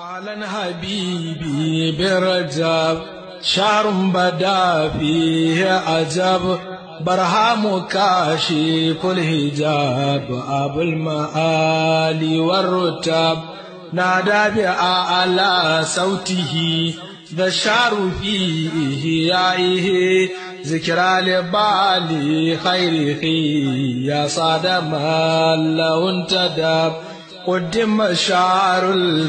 أعلن حبيبي برجب شهر بدا فيه عجب برهام كاشف الحجاب أبو المآل والرتب نادى بأعلى صوته ذا الشعر فيه يائه ذكرى لبالي خيره يا صادم لو انتدب قدم شعر